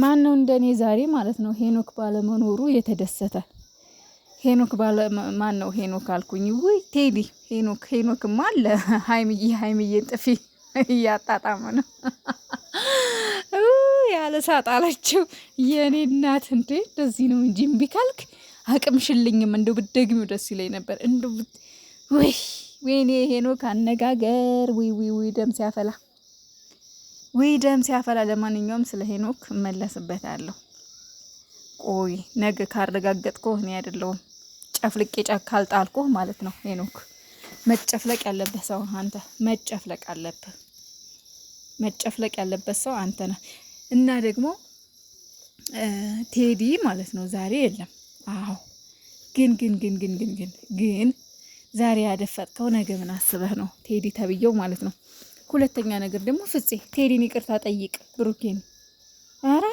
ማን ነው እንደኔ ዛሬ ማለት ነው ሄኖክ ባለመኖሩ የተደሰተ? ሄኖክ ባለ ማን ነው ሄኖክ አልኩኝ። ውይ ቴዲ ሄኖክ ሄኖክማ አለ። ሀይምዬ ሀይምዬን ጥፊ እያጣጣመ ነው ያለ ሳጣላቸው የእኔ እናት እንዴ! እንደዚህ ነው እንጂ እምቢ ካልክ አቅም ሽልኝም እንደው ብትደግሚው ደስ ይለኝ ነበር። እንደው ውይ ወይኔ ሄኖክ አነጋገር ውይ ውይ ውይ ደም ሲያፈላ ውይ ደም ሲያፈላ። ለማንኛውም ስለ ሄኖክ እመለስበታለሁ። ቆይ ነገ ካረጋገጥኩ እኔ አይደለሁም ጨፍልቄ ጫካ ካልጣልኩህ ማለት ነው። ሄኖክ መጨፍለቅ ያለበት ሰው አንተ መጨፍለቅ አለብህ። መጨፍለቅ ያለበት ሰው አንተ ነህ። እና ደግሞ ቴዲ ማለት ነው ዛሬ የለም። አዎ ግን ግን ግን ግን ግን ግን ዛሬ ያደፈጥከው ነገ ምን አስበህ ነው ቴዲ ተብዬው ማለት ነው ሁለተኛ ነገር ደግሞ ፍፄ ቴዲን ይቅርታ ጠይቅ ብሩኬን። አረ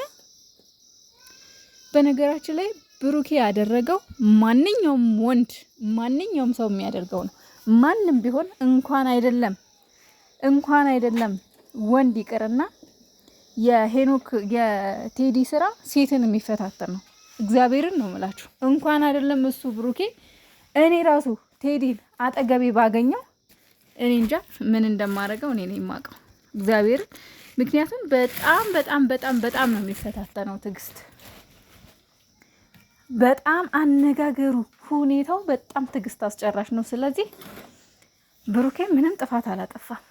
በነገራችን ላይ ብሩኬ ያደረገው ማንኛውም ወንድ ማንኛውም ሰው የሚያደርገው ነው። ማንም ቢሆን እንኳን አይደለም እንኳን አይደለም ወንድ ይቅርና የሄኖክ የቴዲ ስራ ሴትን የሚፈታተን ነው። እግዚአብሔርን ነው ምላችሁ። እንኳን አይደለም እሱ ብሩኬ፣ እኔ ራሱ ቴዲን አጠገቤ ባገኘው እኔ እንጃ ምን እንደማደርገው እኔ ነው የማውቀው እግዚአብሔር ምክንያቱም በጣም በጣም በጣም በጣም ነው የሚፈታተነው ትዕግስት በጣም አነጋገሩ፣ ሁኔታው በጣም ትዕግስት አስጨራሽ ነው። ስለዚህ ብሩኬ ምንም ጥፋት አላጠፋም፣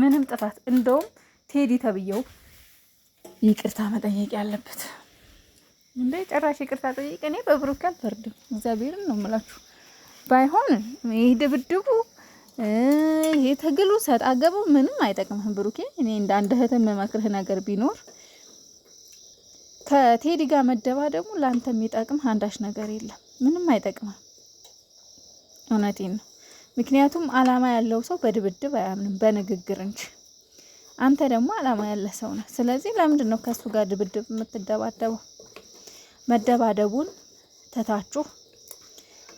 ምንም ጥፋት እንደውም ቴዲ ተብዬው ይቅርታ መጠየቅ ያለበት እንደ ጨራሽ ይቅርታ ጠይቅ። እኔ በብሩኬ አልፈርድም፣ እግዚአብሔርን ነው የምላችሁ። ባይሆን ይህ ድብድቡ ይሄ ትግሉ ሰጥ አገባው ምንም አይጠቅምህም ብሩኬ። እኔ እንደ አንድ እህት የምመክርህ ነገር ቢኖር ከቴዲ ጋር ደግሞ ለአንተ የሚጠቅም አንዳች ነገር የለም፣ ምንም አይጠቅምህም። እውነቴን ነው። ምክንያቱም አላማ ያለው ሰው በድብድብ አያምንም በንግግር እንጂ። አንተ ደግሞ አላማ ያለ ሰው ነህ። ስለዚህ ለምንድን ነው ከእሱ ጋር ድብድብ የምትደባደበው? መደባደቡን ትታችሁ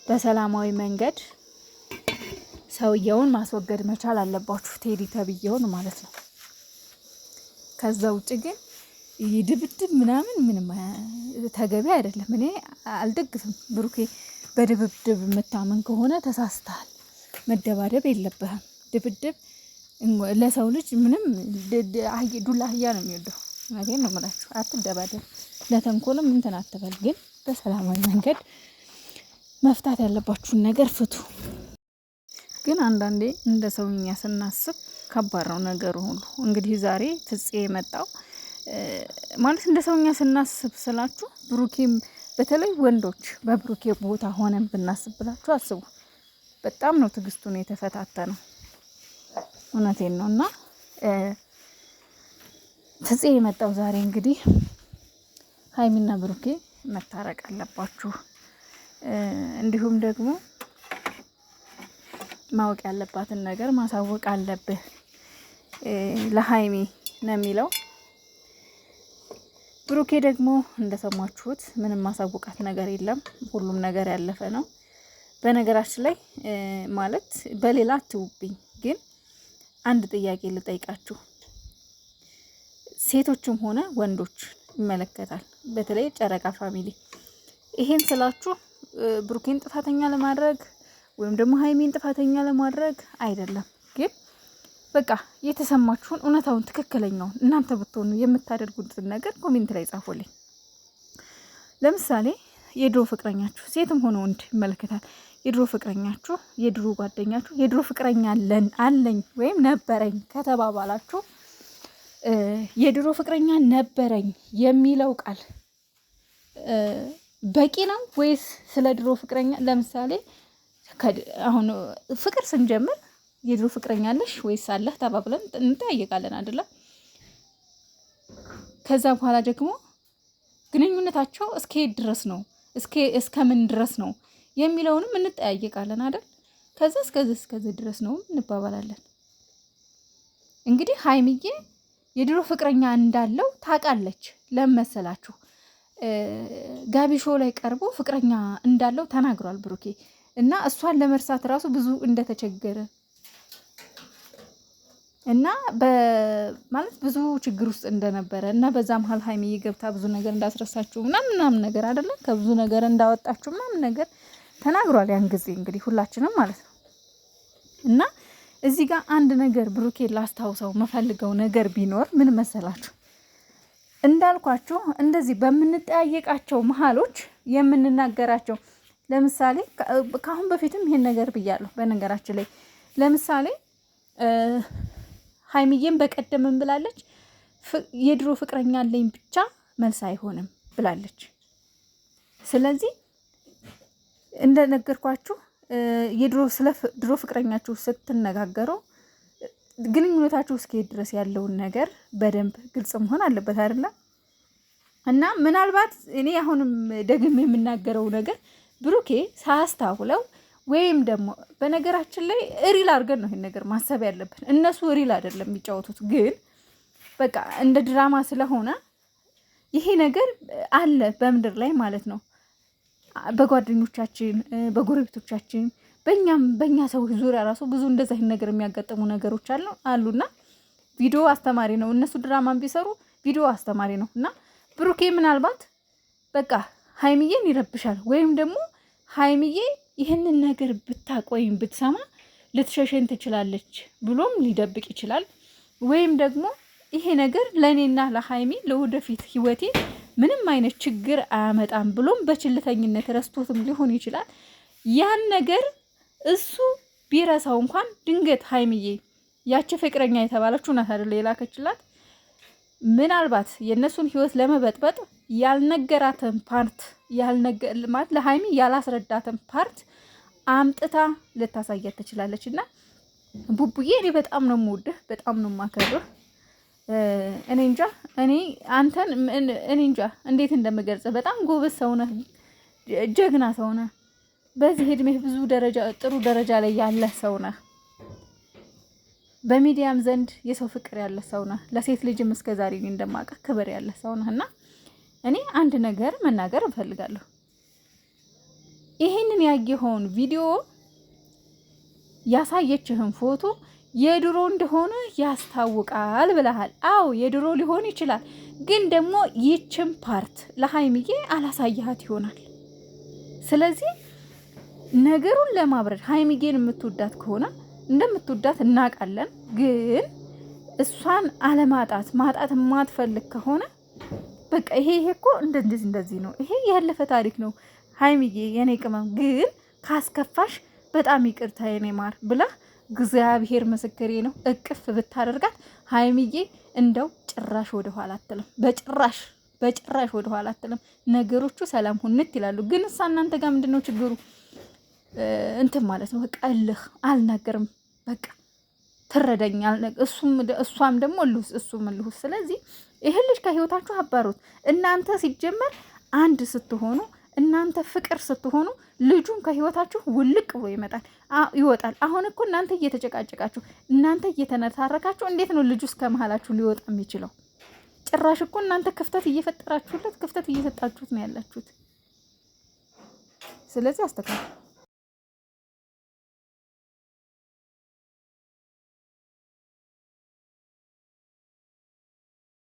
በሰላማዊ መንገድ ሰውየውን ማስወገድ መቻል አለባችሁ፣ ቴዲ ተብዬውን ማለት ነው። ከዛ ውጭ ግን ድብድብ ምናምን ምንም ተገቢ አይደለም። እኔ አልደግፍም። ብሩኬ በድብድብ የምታምን ከሆነ ተሳስተሃል። መደባደብ የለብህም። ድብድብ ለሰው ልጅ ምንም ዱላ አህያ ነው የሚወደው። እውነቴን ነው የምላችሁ። አትደባደብ፣ ለተንኮልም እንትን አትበል። ግን በሰላማዊ መንገድ መፍታት ያለባችሁን ነገር ፍቱ። ግን አንዳንዴ እንደ ሰውኛ ስናስብ ከባድ ነው ነገሩ ሁሉ። እንግዲህ ዛሬ ትፄ የመጣው ማለት እንደ ሰውኛ ስናስብ ስላችሁ ብሩኬ፣ በተለይ ወንዶች በብሩኬ ቦታ ሆነን ብናስብ ብላችሁ አስቡ። በጣም ነው ትዕግስቱን ነው። እውነቴን ነው። እና ትፄ የመጣው ዛሬ እንግዲህ ሀይሚና ብሩኬ መታረቅ አለባችሁ እንዲሁም ደግሞ ማወቅ ያለባትን ነገር ማሳወቅ አለብህ ለሀይሚ ነው የሚለው። ብሩኬ ደግሞ እንደሰማችሁት ምንም ማሳወቃት ነገር የለም። ሁሉም ነገር ያለፈ ነው። በነገራችን ላይ ማለት በሌላ አትውብኝ፣ ግን አንድ ጥያቄ ልጠይቃችሁ። ሴቶችም ሆነ ወንዶች ይመለከታል፣ በተለይ ጨረቃ ፋሚሊ። ይሄን ስላችሁ ብሩኬን ጥፋተኛ ለማድረግ ወይም ደግሞ ሀይሚን ጥፋተኛ ለማድረግ አይደለም። ግን በቃ የተሰማችሁን እውነታውን፣ ትክክለኛውን እናንተ ብትሆኑ የምታደርጉትን ነገር ኮሜንት ላይ ጻፉልኝ። ለምሳሌ የድሮ ፍቅረኛችሁ ሴትም ሆነ ወንድ ይመለከታል። የድሮ ፍቅረኛችሁ፣ የድሮ ጓደኛችሁ፣ የድሮ ፍቅረኛ አለን አለኝ ወይም ነበረኝ ከተባባላችሁ የድሮ ፍቅረኛ ነበረኝ የሚለው ቃል በቂ ነው ወይስ ስለ ድሮ ፍቅረኛ ለምሳሌ አሁን ፍቅር ስንጀምር የድሮ ፍቅረኛ አለሽ ወይስ አለህ ተባብለን እንጠያየቃለን አይደለ? ከዛ በኋላ ደግሞ ግንኙነታቸው እስከ የት ድረስ ነው እስከምን ድረስ ነው የሚለውንም እንጠያየቃለን አይደል? ከዛ እስከዚህ እስከዚህ ድረስ ነው እንባባላለን። እንግዲህ ሀይምዬ የድሮ ፍቅረኛ እንዳለው ታውቃለች። ለመሰላችሁ ጋቢሾ ላይ ቀርቦ ፍቅረኛ እንዳለው ተናግሯል ብሩኬ እና እሷን ለመርሳት ራሱ ብዙ እንደተቸገረ እና ማለት ብዙ ችግር ውስጥ እንደነበረ እና በዛ መሀል ሀይሚዬ ገብታ ብዙ ነገር እንዳስረሳችሁ ምናምን ምናምን ነገር አይደለም ከብዙ ነገር እንዳወጣችሁ ምናምን ነገር ተናግሯል። ያን ጊዜ እንግዲህ ሁላችንም ማለት ነው እና እዚህ ጋር አንድ ነገር ብሩኬ ላስታውሰው መፈልገው ነገር ቢኖር ምን መሰላችሁ፣ እንዳልኳችሁ እንደዚህ በምንጠያየቃቸው መሀሎች የምንናገራቸው ለምሳሌ ከአሁን በፊትም ይሄን ነገር ብያለሁ። በነገራችን ላይ ለምሳሌ ሀይሚዬም በቀደምም ብላለች የድሮ ፍቅረኛ አለኝ ብቻ መልስ አይሆንም ብላለች። ስለዚህ እንደነገርኳችሁ የድሮ ስለ ድሮ ፍቅረኛችሁ ስትነጋገሩ ግንኙነታችሁ እስከሄድ ድረስ ያለውን ነገር በደንብ ግልጽ መሆን አለበት አይደለም? እና ምናልባት እኔ አሁንም ደግሜ የምናገረው ነገር ብሩኬ ሳያስታውለው ወይም ደግሞ በነገራችን ላይ ሪል አድርገን ነው ይሄን ነገር ማሰብ ያለብን። እነሱ ሪል አይደለም የሚጫወቱት፣ ግን በቃ እንደ ድራማ ስለሆነ ይሄ ነገር አለ በምድር ላይ ማለት ነው። በጓደኞቻችን፣ በጎረቤቶቻችን፣ በእኛም በእኛ ሰዎች ዙሪያ ራሱ ብዙ እንደዛ ይህን ነገር የሚያጋጥሙ ነገሮች አሉ አሉና ቪዲዮ አስተማሪ ነው። እነሱ ድራማን ቢሰሩ ቪዲዮ አስተማሪ ነው እና ብሩኬ ምናልባት በቃ ሀይምዬን ይረብሻል ወይም ደግሞ ሀይምዬ ይህንን ነገር ብታቅ ወይም ብትሰማ ልትሸሸን ትችላለች ብሎም ሊደብቅ ይችላል። ወይም ደግሞ ይሄ ነገር ለእኔና ለሀይሚ ለወደፊት ህይወቴ ምንም አይነት ችግር አያመጣም ብሎም በችልተኝነት ረስቶትም ሊሆን ይችላል። ያን ነገር እሱ ቢረሳው እንኳን ድንገት ሀይምዬ ያቺ ፍቅረኛ የተባለችው ናት አይደል የላከችላት ምናልባት የእነሱን ህይወት ለመበጥበጥ ያልነገራትን ፓርት ማለት ለሀይሚ ያላስረዳትን ፓርት አምጥታ ልታሳያት ትችላለች። እና ቡቡዬ እኔ በጣም ነው የምወድህ፣ በጣም ነው የማከብርህ። እኔ እንጃ እኔ አንተን እኔ እንጃ እንዴት እንደምገልጽ በጣም ጎበዝ ሰው ነህ፣ ጀግና ሰው ነህ። በዚህ እድሜህ ብዙ ደረጃ ጥሩ ደረጃ ላይ ያለህ ሰው ነህ። በሚዲያም ዘንድ የሰው ፍቅር ያለ ሰው ነህ። ለሴት ልጅም እስከ ዛሬ እንደማቃ ክብር ያለ ሰው ነህ እና እኔ አንድ ነገር መናገር እፈልጋለሁ። ይህንን ያየኸውን ቪዲዮ ያሳየችህን ፎቶ የድሮ እንደሆነ ያስታውቃል ብለሃል። አዎ የድሮ ሊሆን ይችላል፣ ግን ደግሞ ይችን ፓርት ለሀይሚዬ አላሳያት ይሆናል። ስለዚህ ነገሩን ለማብረድ ሀይሚዬን የምትወዳት ከሆነ እንደምትወዳት እናውቃለን። ግን እሷን አለማጣት ማጣት የማትፈልግ ከሆነ በቃ ይሄ ይሄ እኮ እንደዚህ እንደዚህ ነው፣ ይሄ ያለፈ ታሪክ ነው ሀይሚዬ የኔ ቅመም ግን ካስከፋሽ በጣም ይቅርታ የኔ ማር ብላ እግዚአብሔር ምስክሬ ነው እቅፍ ብታደርጋት ሀይሚዬ እንደው ጭራሽ ወደ ኋላ አትልም። በጭራሽ በጭራሽ ወደ ኋላ አትልም። ነገሮቹ ሰላም ሁንት ይላሉ። ግን እሳ እናንተ ጋር ምንድን ነው ችግሩ? እንትን ማለት ነው በቃ እልህ አልናገርም በቃ ትረደኛል። እሱም እሷም ደግሞ ልሁስ እሱም ልሁስ። ስለዚህ ይህን ልጅ ከህይወታችሁ አባሩት። እናንተ ሲጀመር አንድ ስትሆኑ እናንተ ፍቅር ስትሆኑ ልጁም ከህይወታችሁ ውልቅ ብሎ ይመጣል ይወጣል። አሁን እኮ እናንተ እየተጨቃጨቃችሁ እናንተ እየተነታረካችሁ እንዴት ነው ልጁ እስከ መሀላችሁ ሊወጣ የሚችለው? ጭራሽ እኮ እናንተ ክፍተት እየፈጠራችሁለት ክፍተት እየሰጣችሁት ነው ያላችሁት። ስለዚህ አስተካክሉ።